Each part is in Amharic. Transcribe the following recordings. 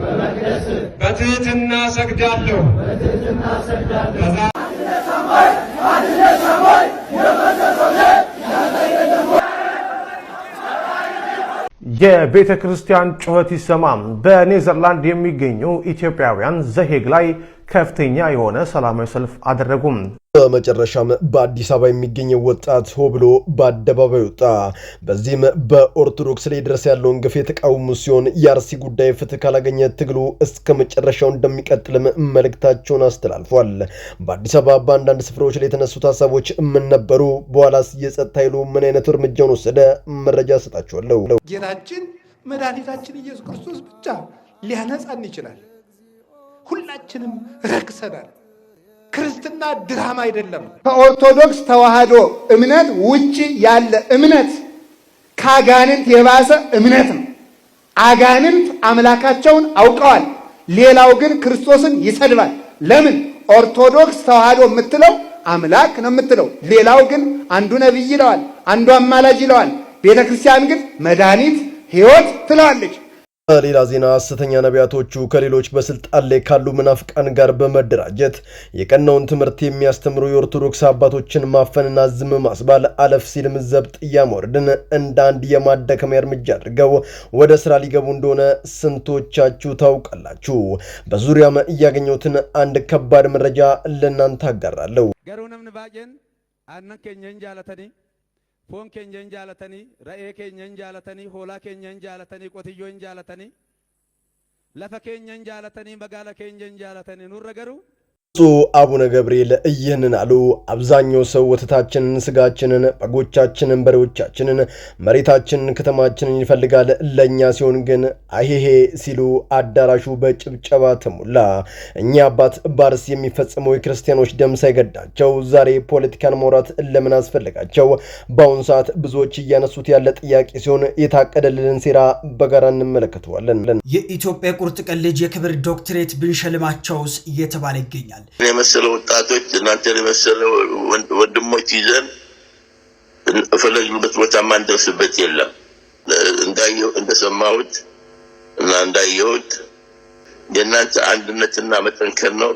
በመቅደስህ በትህትና ሰግዳለሁ። የቤተ ክርስቲያን ጩኸት ይሰማ። በኔዘርላንድ የሚገኙ ኢትዮጵያውያን ዘሄግ ላይ ከፍተኛ የሆነ ሰላማዊ ሰልፍ አደረጉም። በመጨረሻም በአዲስ አበባ የሚገኘው ወጣት ሆ ብሎ በአደባባይ ወጣ። በዚህም በኦርቶዶክስ ላይ ድረስ ያለውን ግፍ የተቃወሙ ሲሆን የአርሲ ጉዳይ ፍትህ ካላገኘ ትግሉ እስከ መጨረሻው እንደሚቀጥልም መልእክታቸውን አስተላልፏል። በአዲስ አበባ በአንዳንድ ስፍራዎች ላይ የተነሱት ሀሳቦች ምን ነበሩ? በኋላስ የጸጥታ ኃይሉ ምን አይነት እርምጃውን ወሰደ? መረጃ ሰጣችኋለሁ። ጌታችን መድኃኒታችን ኢየሱስ ክርስቶስ ብቻ ሊያነጻን ይችላል። ሁላችንም ረክሰናል። ክርስትና ድራማ አይደለም። ከኦርቶዶክስ ተዋህዶ እምነት ውጭ ያለ እምነት ከአጋንንት የባሰ እምነት ነው። አጋንንት አምላካቸውን አውቀዋል። ሌላው ግን ክርስቶስን ይሰድባል። ለምን? ኦርቶዶክስ ተዋህዶ የምትለው አምላክ ነው የምትለው። ሌላው ግን አንዱ ነቢይ ይለዋል፣ አንዱ አማላጅ ይለዋል። ቤተ ክርስቲያን ግን መድኃኒት ሕይወት ትለዋለች። በሌላ ዜና ሐሰተኛ ነቢያቶቹ ከሌሎች በስልጣን ላይ ካሉ ምናፍቃን ጋር በመደራጀት የቀናውን ትምህርት የሚያስተምሩ የኦርቶዶክስ አባቶችን ማፈንና ዝም ማስባል አለፍ ሲልም ዘብጥ እያመወርድን እንደ አንድ የማደከሚያ እርምጃ አድርገው ወደ ስራ ሊገቡ እንደሆነ ስንቶቻችሁ ታውቃላችሁ? በዙሪያም እያገኘሁትን አንድ ከባድ መረጃ ለእናንተ አጋራለሁ። ገሩንም ንባቄን አነኬኘ እንጂ foon keenya hin jaalatanii ra'ee keenya hin jaalatanii hoolaa keenya hin jaalatanii qotiyyoo hin jaalatanii lafa keenya hin jaalatanii magaala keenya hin jaalatanii nurra garuu ብፁዕ አቡነ ገብርኤል ይህንን አሉ። አብዛኛው ሰው ወተታችንን፣ ስጋችንን፣ በጎቻችንን፣ በሬዎቻችንን፣ መሬታችንን፣ ከተማችንን ይፈልጋል። ለእኛ ሲሆን ግን አሄሄ ሲሉ አዳራሹ በጭብጨባ ተሞላ። እኛ አባት ባርስ የሚፈጸመው የክርስቲያኖች ደም ሳይገዳቸው ዛሬ ፖለቲካን ማውራት ለምን አስፈለጋቸው? በአሁኑ ሰዓት ብዙዎች እያነሱት ያለ ጥያቄ ሲሆን የታቀደልን ሴራ በጋራ እንመለከተዋለን። የኢትዮጵያ ቁርጥ ቀን ልጅ የክብር ዶክትሬት ብንሸልማቸውስ እየተባለ ይገኛል። ብለዋል። የመሰለ ወጣቶች እናንተን የመሰለ ወንድሞች ይዘን ፈለግበት ቦታ ማንደርስበት የለም። እንደሰማሁት እና እንዳየሁት የእናንተ አንድነትና መጠንከር ነው።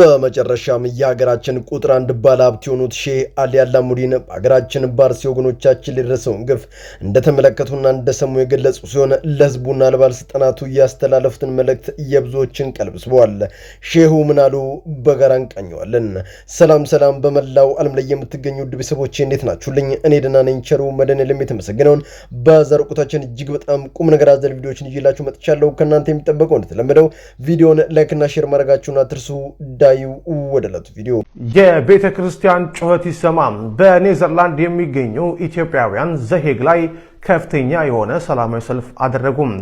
በመጨረሻም የሀገራችን ቁጥር አንድ ባለ ሀብት የሆኑት ሼህ አሊ አላሙዲን በሀገራችን በአርሲ ወገኖቻችን ሊደረሰውን ግፍ እንደተመለከቱና እንደሰሙ የገለጹ ሲሆን ለህዝቡና ለባለስልጣናቱ ያስተላለፉትን መልእክት የብዙዎችን ቀልብ ስበዋል። ሼሁ ምናሉ በጋራ እንቃኘዋለን። ሰላም ሰላም፣ በመላው ዓለም ላይ የምትገኙ ውድ ቤተሰቦቼ እንዴት ናችሁልኝ? እኔ ደህና ነኝ። ቸሩ መድኃኔዓለም የተመሰገነውን። በዛሬው ቆይታችን እጅግ በጣም ቁም ነገር አዘል ቪዲዮዎችን ይዤላችሁ መጥቻለሁ። ከእናንተ የሚጠበቀው እንደተለመደው ቪዲዮን ላይክና ሼር ማድረጋችሁን አትርሱ። ጉዳዩ ወደ ዕለቱ ቪዲዮ የቤተ ክርስቲያን ጩኸት ይሰማ። በኔዘርላንድ የሚገኙ ኢትዮጵያውያን ዘሄግ ላይ ከፍተኛ የሆነ ሰላማዊ ሰልፍ አደረጉም።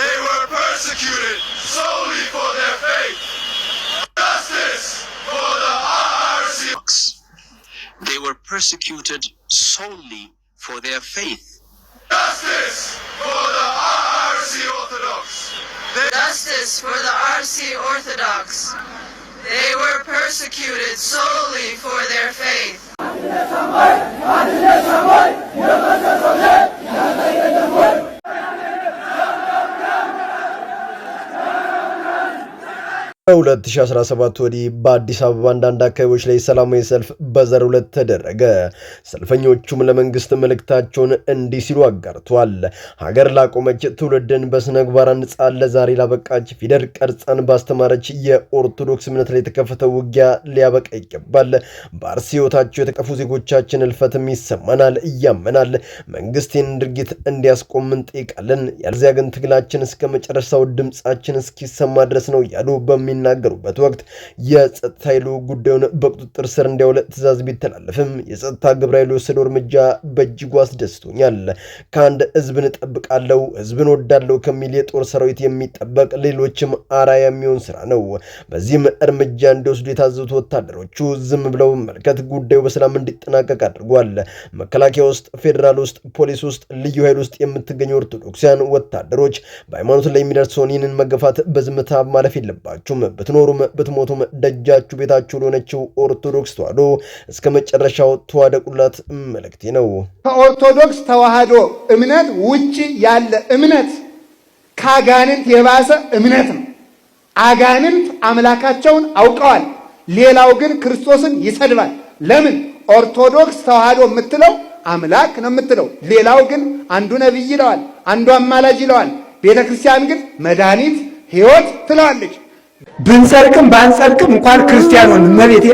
They were persecuted solely for their faith. They were persecuted solely for their faith. Justice for the RC Orthodox. Justice for the RC Orthodox. They were persecuted solely for their faith. ከ2017 ወዲህ በአዲስ አበባ አንዳንድ አካባቢዎች ላይ ሰላማዊ ሰልፍ በዘር ሁለት ተደረገ። ሰልፈኞቹም ለመንግስት መልእክታቸውን እንዲህ ሲሉ አጋርቷል። ሀገር ላቆመች ትውልድን በስነግባር አንጻ ለዛሬ ላበቃች ፊደል ቀርጻን ባስተማረች የኦርቶዶክስ እምነት ላይ የተከፈተው ውጊያ ሊያበቃ ይገባል። በአርሲ ህይወታቸው የተቀፉ ዜጎቻችን እልፈትም ይሰማናል፣ እያመናል። መንግስት ይህን ድርጊት እንዲያስቆም እንጠይቃለን። ያለዚያ ግን ትግላችን እስከ መጨረሻው ድምፃችን እስኪሰማ ድረስ ነው ያሉ በሚ በሚናገሩበት ወቅት የጸጥታ ኃይሉ ጉዳዩን በቁጥጥር ስር እንዲያውለ ትእዛዝ ቢተላለፍም የጸጥታ ግብረ ኃይሉ የወሰደው እርምጃ በእጅጉ አስደስቶኛል። ከአንድ ህዝብን እጠብቃለሁ፣ ህዝብን ወዳለሁ ከሚል የጦር ሰራዊት የሚጠበቅ ሌሎችም አራ የሚሆን ስራ ነው። በዚህም እርምጃ እንዲወስዱ የታዘዙት ወታደሮቹ ዝም ብለው መመልከት ጉዳዩ በሰላም እንዲጠናቀቅ አድርጓል። መከላከያ ውስጥ፣ ፌዴራል ውስጥ፣ ፖሊስ ውስጥ፣ ልዩ ኃይል ውስጥ የምትገኙ ኦርቶዶክሲያን ወታደሮች በሃይማኖት ላይ የሚደርሰውን ይህንን መገፋት በዝምታ ማለፍ የለባችሁም። ብትኖሩም ብትሞቱም ደጃችሁ ቤታችሁ ለሆነችው ኦርቶዶክስ ተዋህዶ እስከ መጨረሻው ተዋደቁላት መልእክቴ ነው። ከኦርቶዶክስ ተዋህዶ እምነት ውጭ ያለ እምነት ከአጋንንት የባሰ እምነት ነው። አጋንንት አምላካቸውን አውቀዋል። ሌላው ግን ክርስቶስን ይሰድባል። ለምን? ኦርቶዶክስ ተዋህዶ የምትለው አምላክ ነው የምትለው። ሌላው ግን አንዱ ነቢይ ይለዋል፣ አንዱ አማላጅ ይለዋል። ቤተ ክርስቲያን ግን መድኃኒት ሕይወት ትለዋለች። ብንሰርቅም ባንሰርቅም እንኳን ክርስቲያን ሆን መቤቴ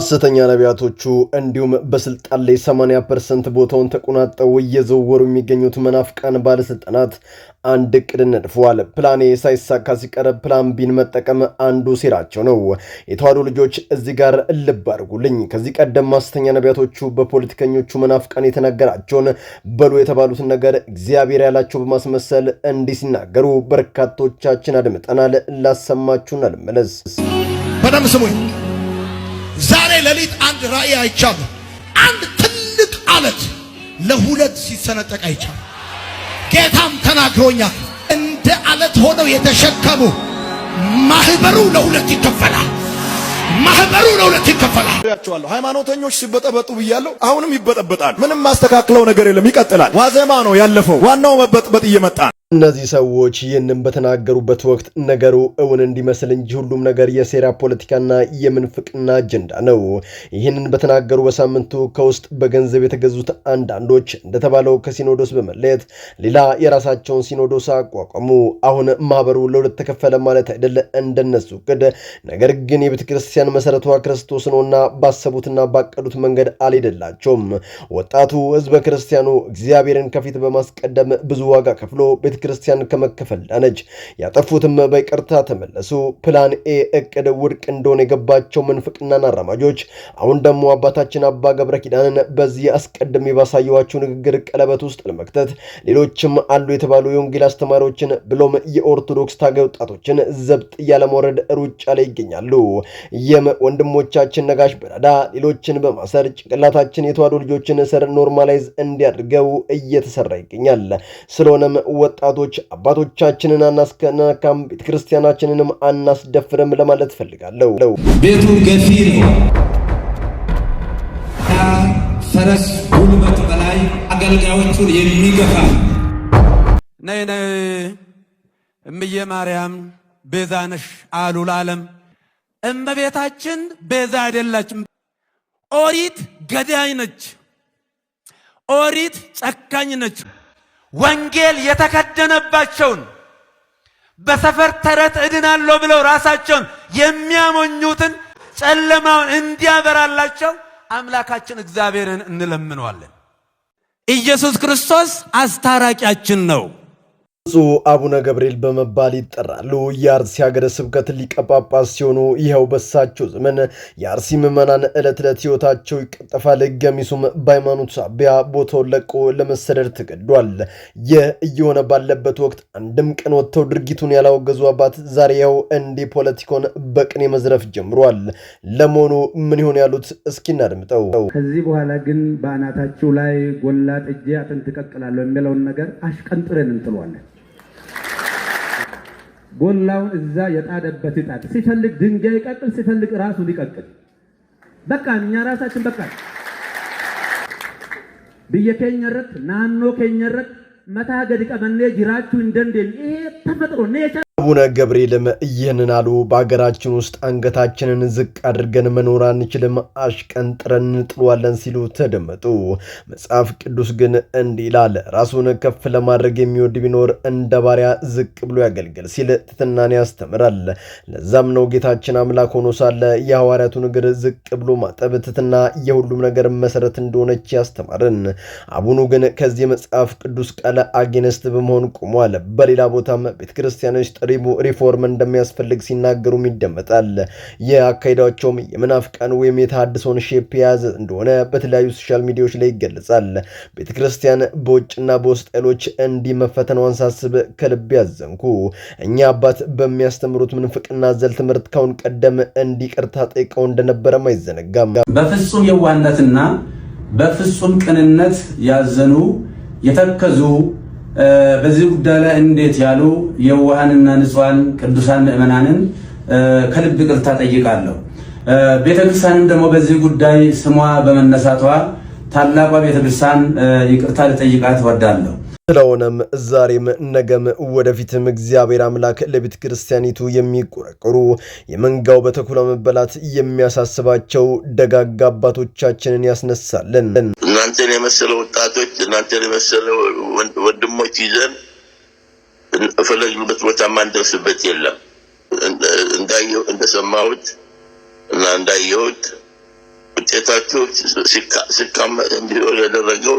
ሐሰተኛ ነቢያቶቹ እንዲሁም በስልጣን ላይ 80 ፐርሰንት ቦታውን ተቆናጠው እየዘወሩ የሚገኙት መናፍቃን ባለስልጣናት አንድ እቅድ ነድፈዋል። ፕላኔ ሳይሳካ ሲቀር ፕላን ቢን መጠቀም አንዱ ሴራቸው ነው። የተዋሕዶ ልጆች እዚህ ጋር ልብ አድርጉልኝ። ከዚህ ቀደም ሐሰተኛ ነቢያቶቹ በፖለቲከኞቹ መናፍቃን የተነገራቸውን በሉ የተባሉትን ነገር እግዚአብሔር ያላቸው በማስመሰል እንዲህ ሲናገሩ በርካቶቻችን አድምጠናል። ላሰማችሁን አልመለስ። በጣም ስሙኝ ሌሊት አንድ ራእይ አይቻለ። አንድ ትልቅ አለት ለሁለት ሲሰነጠቅ አይቻለ። ጌታም ተናግሮኛል። እንደ አለት ሆነው የተሸከሙ ማህበሩ ለሁለት ይከፈላል። ማህበሩ ለሁለት ይከፈላል ያቸዋለሁ። ሃይማኖተኞች ሲበጠበጡ ብያለሁ። አሁንም ይበጠበጣል። ምንም ማስተካክለው ነገር የለም። ይቀጥላል። ዋዜማ ነው ያለፈው። ዋናው መበጥበጥ እየመጣ እነዚህ ሰዎች ይህንን በተናገሩበት ወቅት ነገሩ እውን እንዲመስል እንጂ ሁሉም ነገር የሴራ ፖለቲካና የምንፍቅና አጀንዳ ነው። ይህንን በተናገሩ በሳምንቱ ከውስጥ በገንዘብ የተገዙት አንዳንዶች እንደተባለው ከሲኖዶስ በመለየት ሌላ የራሳቸውን ሲኖዶስ አቋቋሙ። አሁን ማህበሩ ለሁለት ተከፈለ ማለት አይደለ እንደነሱ እቅድ። ነገር ግን የቤተ ክርስቲያን መሰረቷ ክርስቶስ ነውና ባሰቡትና ባቀዱት መንገድ አልሄደላቸውም። ወጣቱ ህዝበ ክርስቲያኑ እግዚአብሔርን ከፊት በማስቀደም ብዙ ዋጋ ከፍሎ ቤተ ቤተ ክርስቲያን ከመከፈል ዳነች። ያጠፉትም በይቅርታ ተመለሱ። ፕላን ኤ እቅድ ውድቅ እንደሆነ የገባቸው ምንፍቅናን አራማጆች አሁን ደግሞ አባታችን አባ ገብረ ኪዳንን በዚህ አስቀድሜ ባሳየኋቸው ንግግር ቀለበት ውስጥ ለመክተት ሌሎችም አሉ የተባሉ የወንጌል አስተማሪዎችን ብሎም የኦርቶዶክስ ታገ ወጣቶችን ዘብጥ እያለመውረድ ሩጫ ላይ ይገኛሉ። ይህም ወንድሞቻችን ነጋሽ በዳዳ ሌሎችን በማሰር ጭንቅላታችን የተዋዶ ልጆችን እስር ኖርማላይዝ እንዲያድርገው እየተሰራ ይገኛል። ስለሆነም ወጣ ወጣቶች አባቶቻችንን አናስከናካም፣ ቤተክርስቲያናችንንም አናስደፍርም ለማለት ፈልጋለሁ። ቤቱ ገፊ ነው። ፈረስ ጉልበት በላይ አገልጋዮቹን የሚገፋ ነይ ነይ እምዬ ማርያም ቤዛ ነሽ አሉ ለዓለም። እመቤታችን ቤዛ አይደላችም። ኦሪት ገዳይ ነች። ኦሪት ጨካኝ ነች። ወንጌል የተከደነባቸውን በሰፈር ተረት እድናለሁ ብለው ራሳቸውን የሚያሞኙትን ጨለማውን እንዲያበራላቸው አምላካችን እግዚአብሔርን እንለምነዋለን። ኢየሱስ ክርስቶስ አስታራቂያችን ነው። ብፁዕ አቡነ ገብርኤል በመባል ይጠራሉ። የአርሲ ሀገረ ስብከት ሊቀ ጳጳስ ሲሆኑ ይኸው በሳቸው ዘመን የአርሲ ምዕመናን ዕለት ዕለት ሕይወታቸው ይቀጠፋል። ገሚሱም በሃይማኖቱ ሳቢያ ቦታውን ለቆ ለመሰደድ ተገዷል። ይህ እየሆነ ባለበት ወቅት አንድም ቀን ወጥተው ድርጊቱን ያላወገዙ አባት ዛሬ ይኸው እንዲህ ፖለቲካውን በቅኔ መዝረፍ ጀምሯል። ለመሆኑ ምን ይሆን ያሉት እስኪ እናድምጠው። ከዚህ በኋላ ግን በአናታችሁ ላይ ጎላ ጥጄ አጥንት እቀቅላለሁ የሚለውን ነገር አሽቀንጥረን እንጥሏለን። ጎላውን እዛ የጣደበት ይጣል። ሲፈልግ ድንጋይ ይቀጥል፣ ሲፈልግ ራሱን ይቀጥል። በቃ እኛ ራሳችን በቃ ብየ ኬኘረት ናኖ ኬኘረት መታገድ ቀመኔ ጅራቹ እንደንዴን ይሄ ተፈጥሮ ኔቸር አቡነ ገብርኤልም ይህንን አሉ። በሀገራችን ውስጥ አንገታችንን ዝቅ አድርገን መኖር አንችልም፣ አሽቀንጥረን እንጥሏለን ሲሉ ተደመጡ። መጽሐፍ ቅዱስ ግን እንዲህ ይላል፣ ራሱን ከፍ ለማድረግ የሚወድ ቢኖር እንደ ባሪያ ዝቅ ብሎ ያገልግል ሲል ትትናን ያስተምራል። ለዛም ነው ጌታችን አምላክ ሆኖ ሳለ የሐዋርያቱን እግር ዝቅ ብሎ ማጠብ ትትና የሁሉም ነገር መሰረት እንደሆነች ያስተማርን። አቡኑ ግን ከዚህ መጽሐፍ ቅዱስ ቃለ አጌነስት በመሆን ቆሟል። በሌላ ቦታም ቤተክርስቲያኖች ሪፎርም እንደሚያስፈልግ ሲናገሩም ይደመጣል። የአካሄዳቸውም የመናፍቃን ወይም የተሃድሶውን ሼፕ የያዘ እንደሆነ በተለያዩ ሶሻል ሚዲያዎች ላይ ይገለጻል። ቤተ ክርስቲያን በውጭና በውስጥ ኃይሎች እንዲህ መፈተኗን ሳስብ ከልብ ያዘንኩ። እኛ አባት በሚያስተምሩት ምንፍቅና ዘል ትምህርት ካሁን ቀደም እንዲቅርታ ጠይቀው እንደነበረም አይዘነጋም። በፍጹም የዋህነትና በፍጹም ቅንነት ያዘኑ የተከዙ በዚህ ጉዳይ ላይ እንዴት ያሉ የዋሃንና ንጹሃን ቅዱሳን ምእመናንን ከልብ ቅርታ ጠይቃለሁ። ቤተክርስቲያንም ደግሞ በዚህ ጉዳይ ስሟ በመነሳቷ ታላቋ ቤተክርስቲያን ይቅርታ ልጠይቃት እወዳለሁ። ስለሆነም ዛሬም ነገም ወደፊትም እግዚአብሔር አምላክ ለቤተ ክርስቲያኒቱ የሚቆረቁሩ የመንጋው በተኩላ መበላት የሚያሳስባቸው ደጋግ አባቶቻችንን ያስነሳልን። እናንተን የመሰለ ወጣቶች እናንተን የመሰለ ወንድሞች ይዘን ፈለግንበት ቦታ ማንደርስበት የለም። እንደሰማሁት እና እንዳየሁት ውጤታቸው ሲካመ እንዲሆን ያደረገው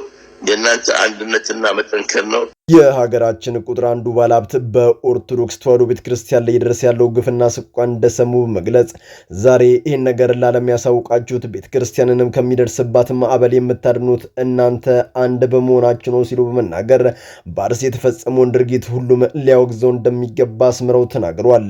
የእናንተ አንድነትና መጠንከር ነው። የሀገራችን ቁጥር አንዱ ባለሀብት በኦርቶዶክስ ተዋሕዶ ቤተ ክርስቲያን ላይ ደረስ ያለው ግፍና ስቋ እንደሰሙ በመግለጽ ዛሬ ይህን ነገር ላለም ያሳውቃችሁት ቤተ ክርስቲያንንም ከሚደርስባት ማዕበል የምታድኑት እናንተ አንድ በመሆናችሁ ነው ሲሉ በመናገር በአርሲ የተፈጸመውን ድርጊት ሁሉም ሊያወግዘው እንደሚገባ አስምረው ተናግሯል።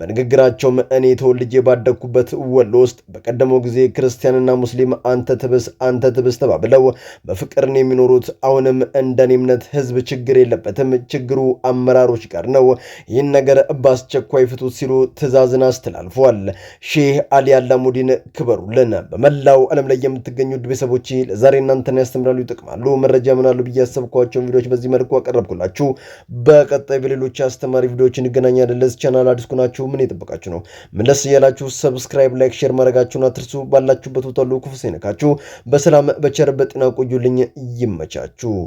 በንግግራቸውም እኔ ተወልጄ ባደግኩበት ወሎ ውስጥ በቀደመው ጊዜ ክርስቲያንና ሙስሊም አንተ ትብስ አንተ ትብስ ተባብለው በፍቅርን የሚኖሩት አሁንም እንደኔ እምነት ህዝብ ችግር የለበትም፣ ችግሩ አመራሮች ጋር ነው፣ ይህን ነገር በአስቸኳይ ፍቱት ሲሉ ትዕዛዝን አስተላልፏል። ሼህ አሊ አላሙዲን ክበሩልን። በመላው ዓለም ላይ የምትገኙ ውድ ቤተሰቦች ለዛሬ እናንተን ያስተምራሉ፣ ይጠቅማሉ፣ መረጃ ምናሉ ብዬ ያሰብኳቸውን ቪዲዮዎች በዚህ መልኩ አቀረብኩላችሁ። በቀጣይ በሌሎች አስተማሪ ቪዲዮዎች እንገናኛለን። ለዚህ ቻናል አዲስ ናችሁ፣ ምን የጠበቃችሁ ነው? ምን ደስ እያላችሁ ሰብስክራይብ፣ ላይክ፣ ሼር ማድረጋችሁን አትርሱ። ባላችሁበት ቦታ ሁሉ ክፉ ሳይነካችሁ በሰላም በቸር በጤና ቆዩልኝ። ይመቻችሁ።